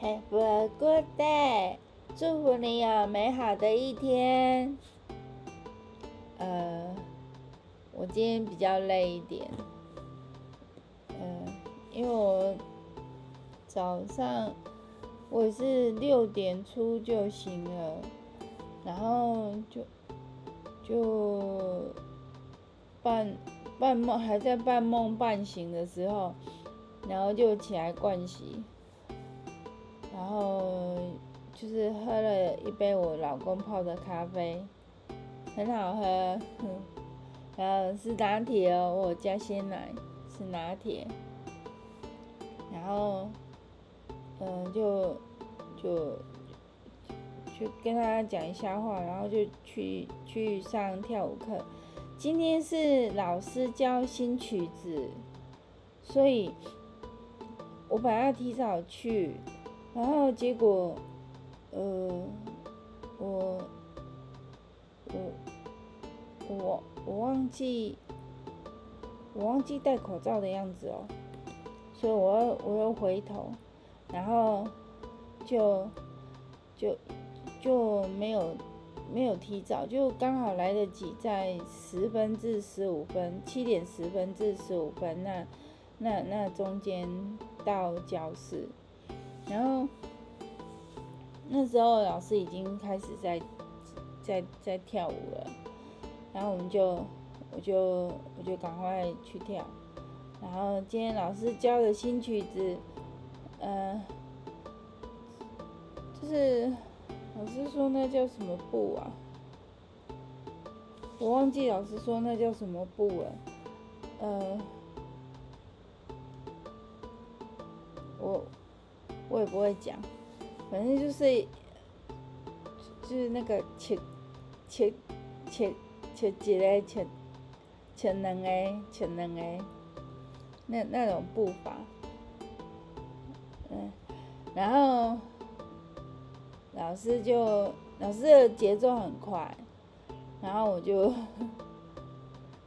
Have a good day！祝福你有美好的一天。呃，我今天比較累一點。嗯、呃，因為我早上我是六點初就醒了，然後就就半半夢還在半夢半醒的時候，然後就起來盥洗。然後就是喝了一杯我老公泡的咖啡，很好喝。然後是拿鐵，哦，我加鮮奶，是拿鐵。然後，嗯，就就就，就跟他講一下話，然後就去去上跳舞課。今天是老師教新曲子，所以我本來要提早去。然後結果，呃，我，我，我，我忘記，我忘記戴口罩的樣子哦，所以我我又回頭，然後就就就沒有沒有提早，就剛好來得及，在十分至十五分，七點十分至十五分，那那那中間到教室。然後那時候老師已經開始在在在跳舞了，然後我們就我就我就趕快去跳。然後今天老師教的新曲子，嗯、呃，就是老師說那叫什麼步啊？我忘記老師說那叫什麼步了，呃，我。我也不會講，反正就是就是那個前前前前幾嘞前前能哎，前能哎，那那種步伐，嗯，然後老師就老師的節奏很快，然後我就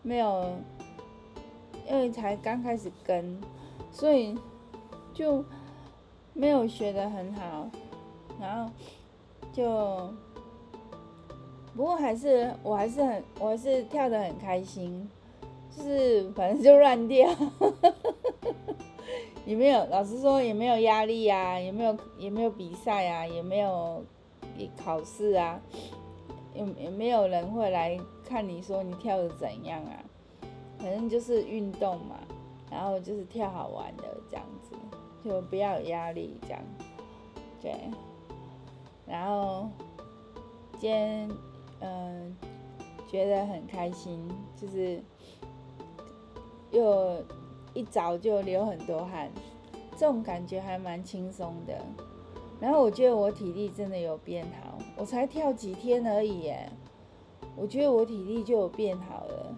沒有，因為才剛開始跟，所以就。沒有學得很好，然後就不過還是我還是很我是跳得很開心，就是反正就亂跳， 也沒有老實說也沒有壓力啊，也沒有也沒有比賽啊，也沒有也考試啊，也也沒有人會來看你說你跳的怎樣啊，反正就是運動嘛，然後就是跳好玩的這樣子。就不要有壓力，這樣，對，然後，今天，嗯，覺得很開心，就是，又一早就流很多汗，這種感覺還蠻輕鬆的。然後我覺得我體力真的有變好，我才跳幾天而已耶，我覺得我體力就有變好了，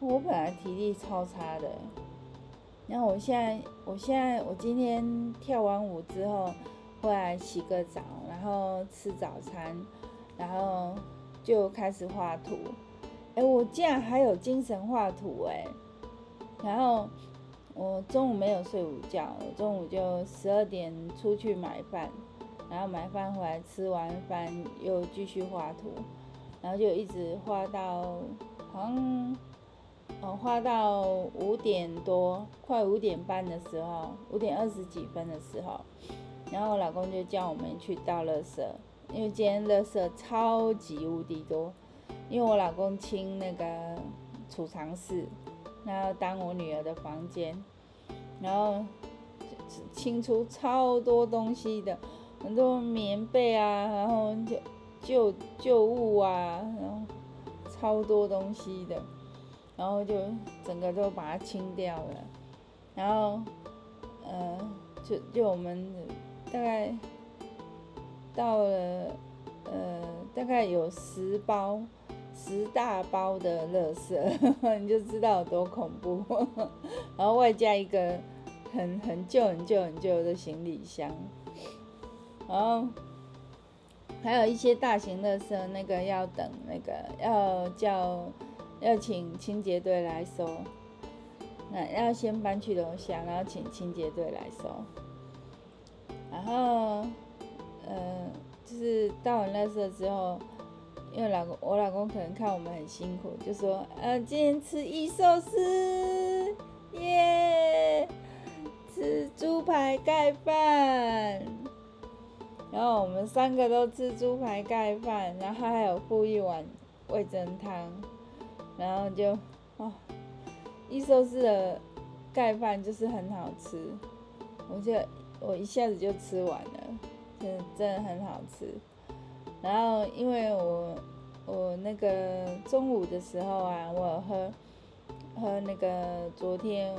我本來體力超差的。然後我現在，我現在，我今天跳完舞之後，回來洗個澡，然後吃早餐，然後就開始畫圖。哎、欸，我竟然還有精神畫圖哎！然後我中午沒有睡午覺，我中午就十二點出去買飯，然後買飯回來吃完飯又繼續畫圖，然後就一直畫到好像。嗯呃、哦，花到五點多，快五點半的時候，五點二十幾分的時候，然後我老公就叫我們去倒垃圾，因為今天垃圾超級無敵多。因為我老公清那個儲藏室，然後當我女兒的房間，然後清出超多東西的，很多棉被啊，然後就舊舊物啊，然後超多東西的。然後就整個都把它清掉了，然後，呃，就就我們大概到了呃，大概有十包，十大包的垃圾，呵呵，你就知道有多恐怖。呵呵然後外加一個很很舊很舊很舊的行李箱，然後還有一些大型垃圾，那個要等，那個要叫，要請清潔隊來收，那要先搬去樓下，然後請清潔隊來收。然後，呃，就是到完那時候之後，因為老公我老公可能看我們很辛苦，就說：“嗯、啊，今天吃一壽司，耶、yeah!！吃豬排蓋飯。”然後我們三個都吃豬排蓋飯，然後還有附一碗味噌湯。然後就，哦，一收拾的蓋飯就是很好吃，我就我一下子就吃完了，真真的很好吃。然後因為我我那個中午的時候啊，我喝喝那個昨天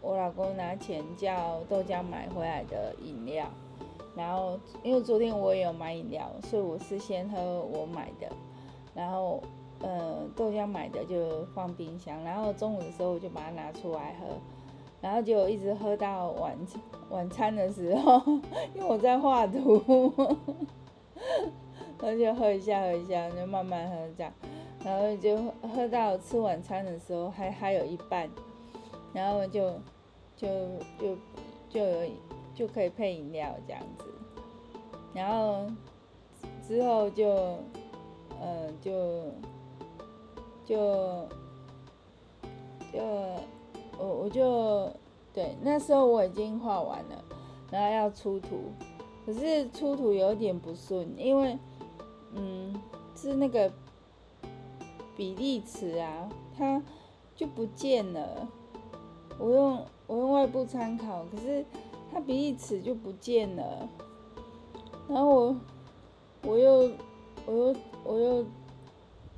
我老公拿錢叫豆漿買回來的飲料，然後因為昨天我也有買飲料，所以我是先喝我買的，然後。呃，豆漿買的就放冰箱，然後中午的時候我就把它拿出來喝，然後就一直喝到晚晚餐的時候，因為我在畫圖，呵呵然後就喝一下喝一下，就慢慢喝這樣，然後就喝到吃晚餐的時候還還有一半，然後就就就就有就可以配飲料這樣子，然後之後就呃就。就就我我就對，那時候我已經畫完了，然後要出圖，可是出圖有點不順，因為嗯是那個比例尺啊，它就不見了。我用我用外部參考，可是它比例尺就不見了，然後我我又我又我又。我又我又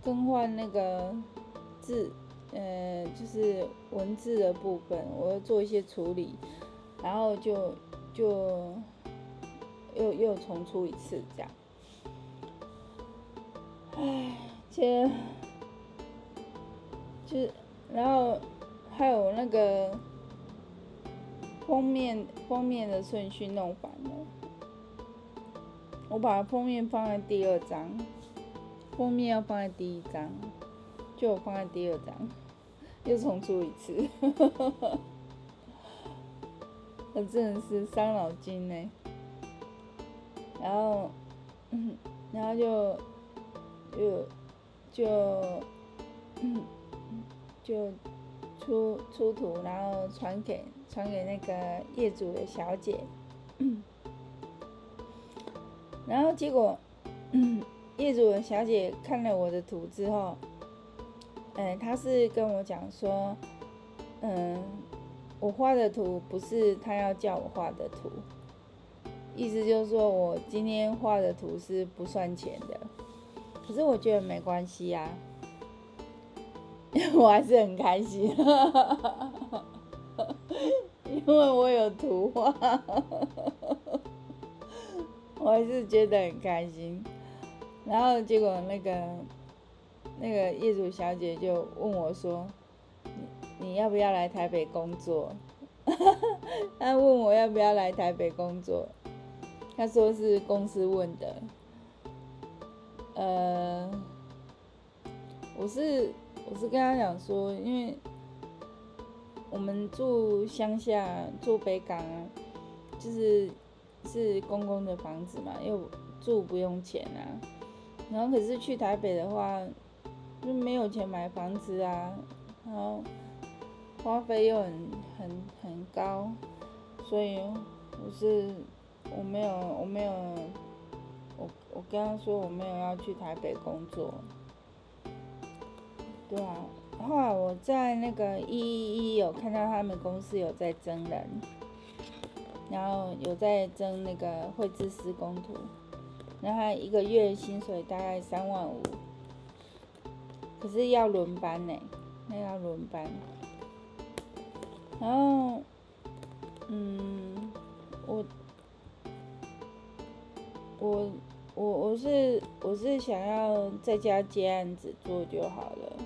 更換那個字，呃，就是文字的部分，我要做一些處理，然後就就又又重出一次這樣。唉，其實就是然後還有那個封面封面的順序弄反了，我把封面放在第二張。封面要放在第一張，就我放在第二張，又重出一次，呵 我真的是傷腦筋呢。然後，嗯、然後就就就、嗯、就出出圖，然後傳給傳給那個業主的小姐，嗯、然後結果。嗯業主小姐看了我的圖之後，嗯、欸，她是跟我講說，嗯，我畫的圖不是她要叫我畫的圖，意思就是說我今天畫的圖是不算錢的。可是我覺得沒關係呀、啊， 我還是很開心， 因為我有圖畫， 我還是覺得很開心。然後結果那個那個業主小姐就問我說：“你，你要不要來台北工作？”她 問我要不要來台北工作，她說是公司問的。呃，我是我是跟她講說，因為我們住鄉下，住北港啊，就是是公公的房子嘛，又住不用錢啊。然後可是去台北的話，就沒有錢買房子啊，然後花費又很很很高，所以我是我沒有我沒有我我跟他說我沒有要去台北工作，對啊，後來我在那個一一一有看到他們公司有在徵人，然後有在徵那個繪製施工圖。然後一個月薪水大概三萬五，可是要輪班呢、欸，那要輪班。然後，嗯，我，我，我我是我是想要在家接案子做就好了。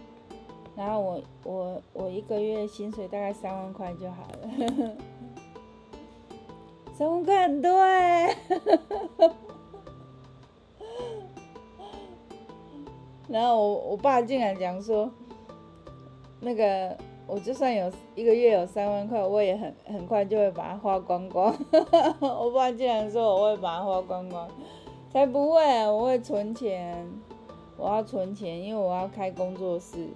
然後我我我一個月薪水大概三萬塊就好了，三萬塊很多哎、欸。然後我我爸竟然講說，那個我就算有一個月有三萬塊，我也很很快就會把它花光光呵呵。我爸竟然說我會把它花光光，才不會啊，我會存錢，我要存錢，因為我要開工作室，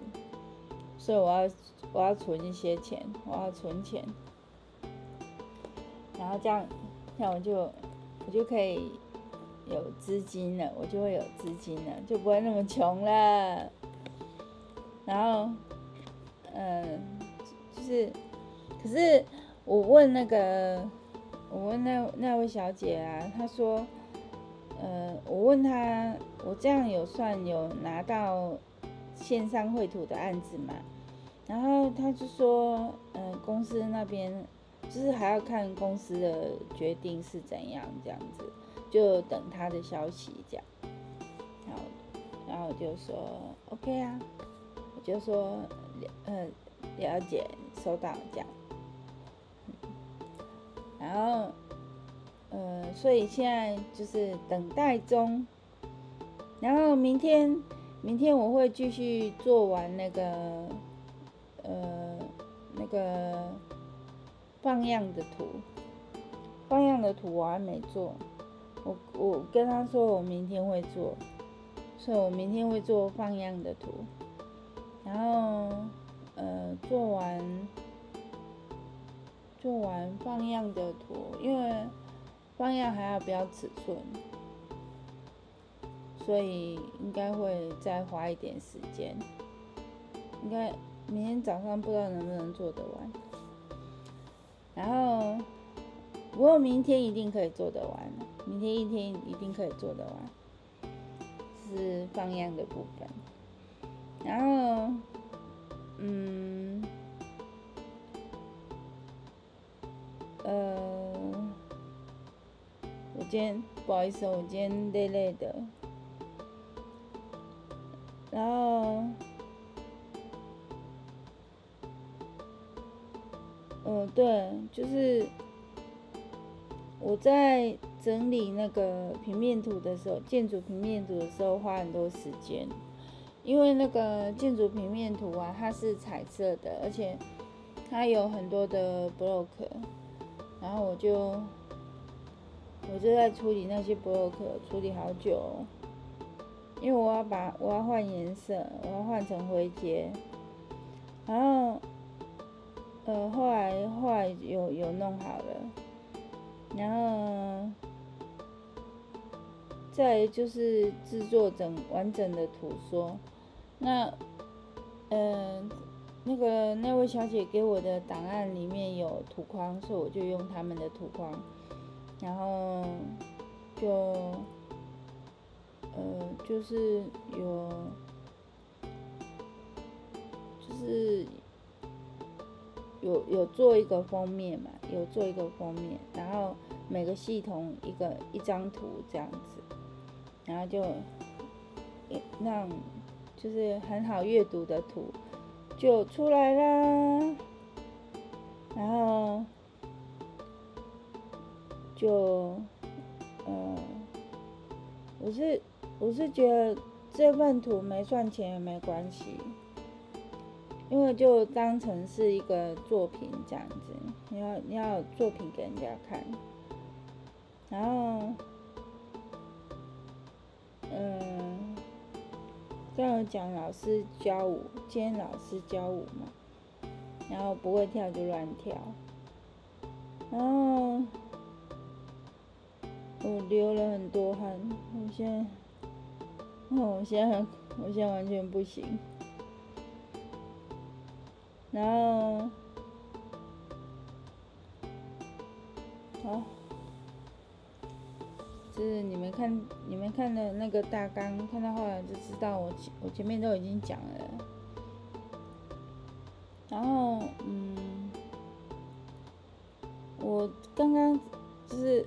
所以我要我要存一些錢，我要存錢，然後這樣那我就我就可以，有資金了，我就會有資金了，就不會那麼窮了。然後，嗯、呃，就是，可是我問那個，我問那那位小姐啊，她說，呃，我問她，我這樣有算有拿到線上繪圖的案子嗎？然後她就說，嗯、呃，公司那邊就是還要看公司的決定是怎樣這樣子。就等他的消息一下，這樣。好，然後就說 OK 啊，我就說了，呃，了解，收到，這樣。然後，呃，所以現在就是等待中。然後明天，明天我會繼續做完那個，呃，那個放樣的圖，放樣的圖我還沒做。我我跟他說我明天會做，所以我明天會做放樣的圖，然後呃做完做完放樣的圖，因為放樣還要標尺寸，所以應該會再花一點時間，應該明天早上不知道能不能做得完，然後。不過明天一定可以做得完，明天一天一定可以做得完，是放樣的部分。然後，嗯，呃，我今天不好意思，我今天累累的。然後，哦、嗯，對，就是。我在整理那個平面圖的時候，建築平面圖的時候花很多時間，因為那個建築平面圖啊，它是彩色的，而且它有很多的 block，然後我就我就在處理那些 block，處理好久，因為我要把我要換顏色，我要換成灰階，然後呃後來後來有有弄好了。然後再就是製作整完整的圖說，那，呃，那個那位小姐給我的檔案裡面有圖框，所以我就用他們的圖框，然後就，呃，就是有，就是。有有做一個封面嘛？有做一個封面，然後每個系統一個一張圖這樣子，然後就讓、欸、就是很好閱讀的圖就出來啦，然後就嗯，我是我是覺得這份圖沒賺錢也沒關係。因為就當成是一個作品這樣子，你要你要作品給人家看，然後，嗯，這樣講，老師教舞，今天老師教舞嘛，然後不會跳就亂跳，然後我流了很多汗，我現在，哦，我現在很，我現在完全不行。然後，好，就是你們看你們看的那個大綱，看到後來就知道我前我前面都已經講了。然後，嗯，我剛剛就是，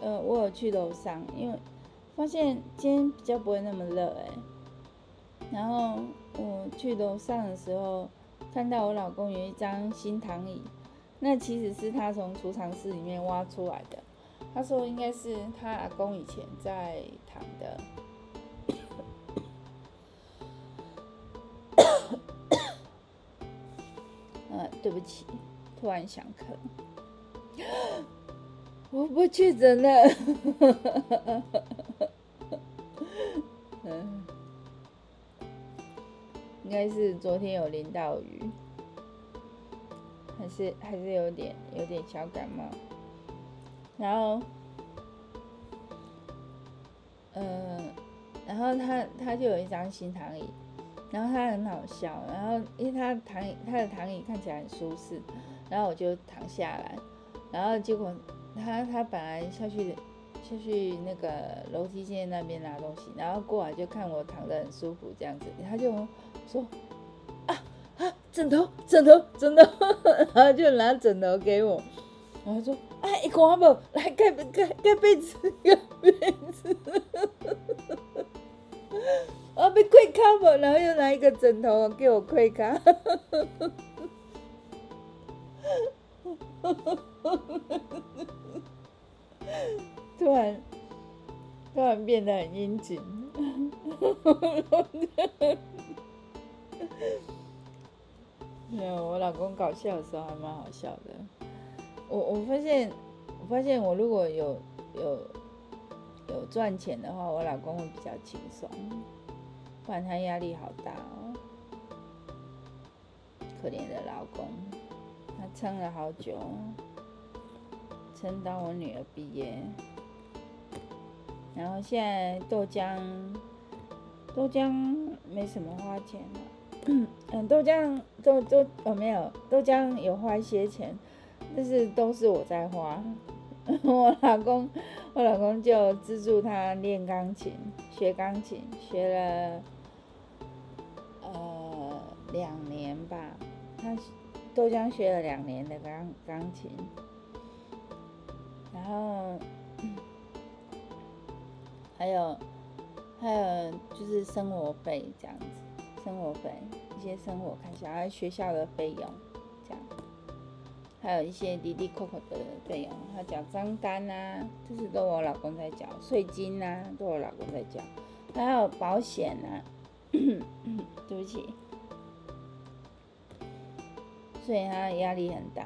呃，我有去樓上，因為發現今天比較不會那麼熱哎。然後我去樓上的時候。看到我老公有一張新躺椅，那其實是他從儲藏室裡面挖出來的。他說應該是他阿公以前在躺的、 呃。對不起，突然想咳，我不確診了。嗯。 呃應該是昨天有淋到雨，還是還是有點有點小感冒。然後，嗯，然後他他就有一張新躺椅，然後他很好笑，然後因為他躺椅他的躺椅看起來很舒適，然後我就躺下來，然後結果他他本來下去。就是去那個樓梯間那邊拿東西，然後過來就看我躺得很舒服這樣子，他就說啊啊枕頭枕頭枕頭，然後就拿枕頭給我，然後他說哎一刮布來蓋蓋蓋被子被子，我要被跪卡、哦、然後又拿一個枕頭給我跪卡，呵呵呵呵呵呵呵呵突然，突然變得很殷勤。 沒有，我老公搞笑的時候還蠻好笑的。我我發現，我發現我如果有有有賺錢的話，我老公會比較輕鬆。不然他壓力好大哦，可憐的老公，他撐了好久，撐到我女兒畢業。然後現在豆漿，豆漿沒什麼花錢了。嗯，豆漿都都哦沒有，豆漿有花一些錢，但是都是我在花。 我老公，我老公就資助他練鋼琴，學鋼琴學了，呃兩年吧。他豆漿學了兩年的鋼鋼琴，然後。嗯還有，還有就是生活費這樣子，生活費一些生活開銷，還有學校的費用，這樣，還有一些滴滴扣扣的費用，他繳賬單啊，就是都我老公在繳，稅金啊都我老公在繳，還有保險啊， 對不起，所以他壓力很大，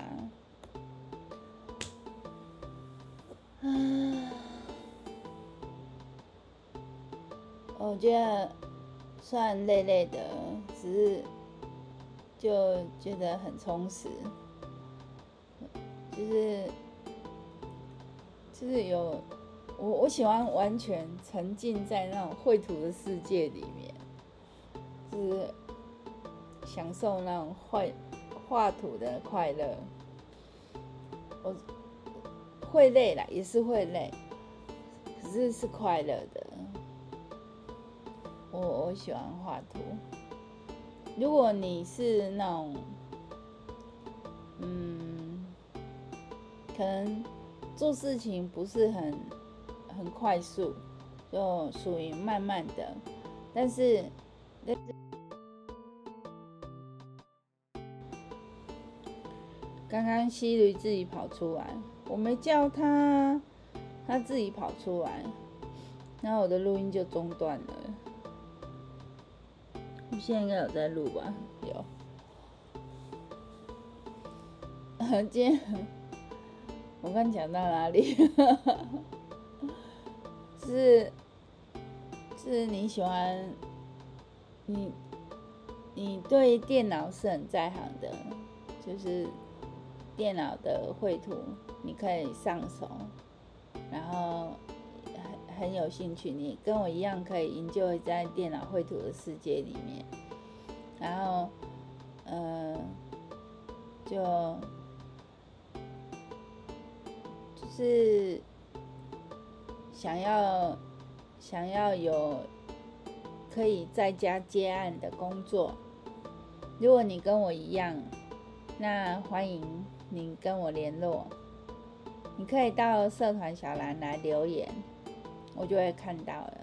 啊我覺得算累累的，只是就覺得很充實，就是就是有我我喜歡完全沉浸在那種繪圖的世界裡面，就是享受那種繪畫圖的快樂。我會累啦，也是會累，可是是快樂的。我我喜歡畫圖。如果你是那種，嗯，可能做事情不是很很快速，就屬於慢慢的。但是，剛剛 Siri 自己跑出來，我沒叫他，他自己跑出來，然後我的錄音就中斷了。現在應該有在錄吧？有。啊，今天，我剛講到哪裡？是 是，是你喜歡你你對電腦是很在行的，就是電腦的繪圖你可以上手，然後。很有興趣，你跟我一樣可以營救在電腦繪圖的世界裡面，然後，呃，就就是想要想要有可以在家接案的工作。如果你跟我一樣，那歡迎你跟我聯絡。你可以到社團小藍來留言。我就會看到了，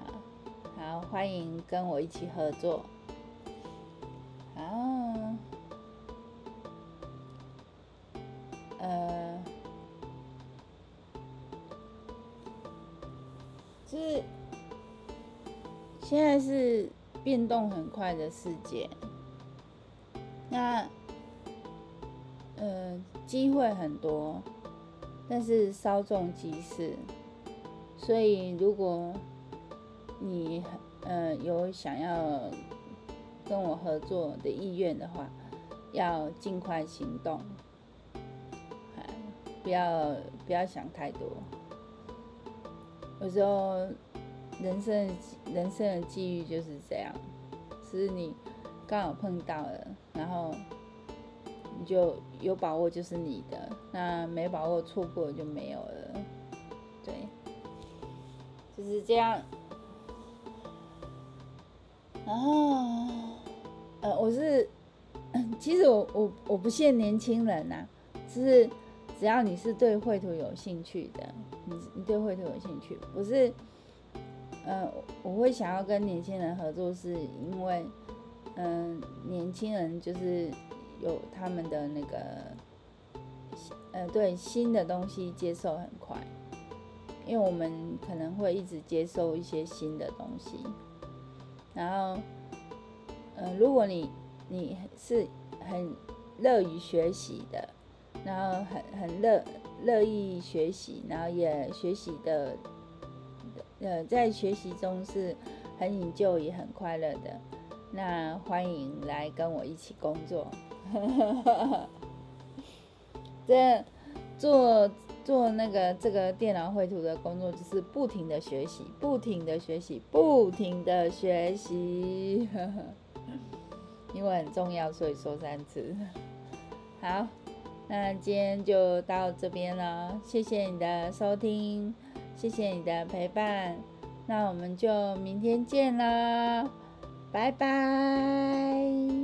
好，好歡迎跟我一起合作。啊，呃，是現在是變動很快的世界，那呃機會很多，但是稍縱即逝。所以，如果你呃有想要跟我合作的意願的話，要盡快行動，不要不要想太多。有時候人生的人生的際遇就是這樣，只是你剛好碰到了，然後你就有把握就是你的，那沒把握錯過就沒有了。是這樣，然後，呃，我是，其實我我我不限年輕人吶、啊，只、就是只要你是對繪圖有興趣的，你你對繪圖有興趣，我是，呃，我會想要跟年輕人合作，是因為，嗯、呃，年輕人就是有他們的那個，呃，對新的東西接受很快。因為我們可能會一直接受一些新的東西，然後、呃，如果你你是很樂於學習的，然後很很樂樂意學習，然後也學習的，呃，在學習中是很享受也很快樂的，那歡迎來跟我一起工作 這，在做。做那個這個電腦繪圖的工作，就是不停的學習，不停的學習，不停的學習。 因為很重要，所以說三次。好，那今天就到這邊了，謝謝你的收聽，謝謝你的陪伴，那我們就明天見了，拜拜。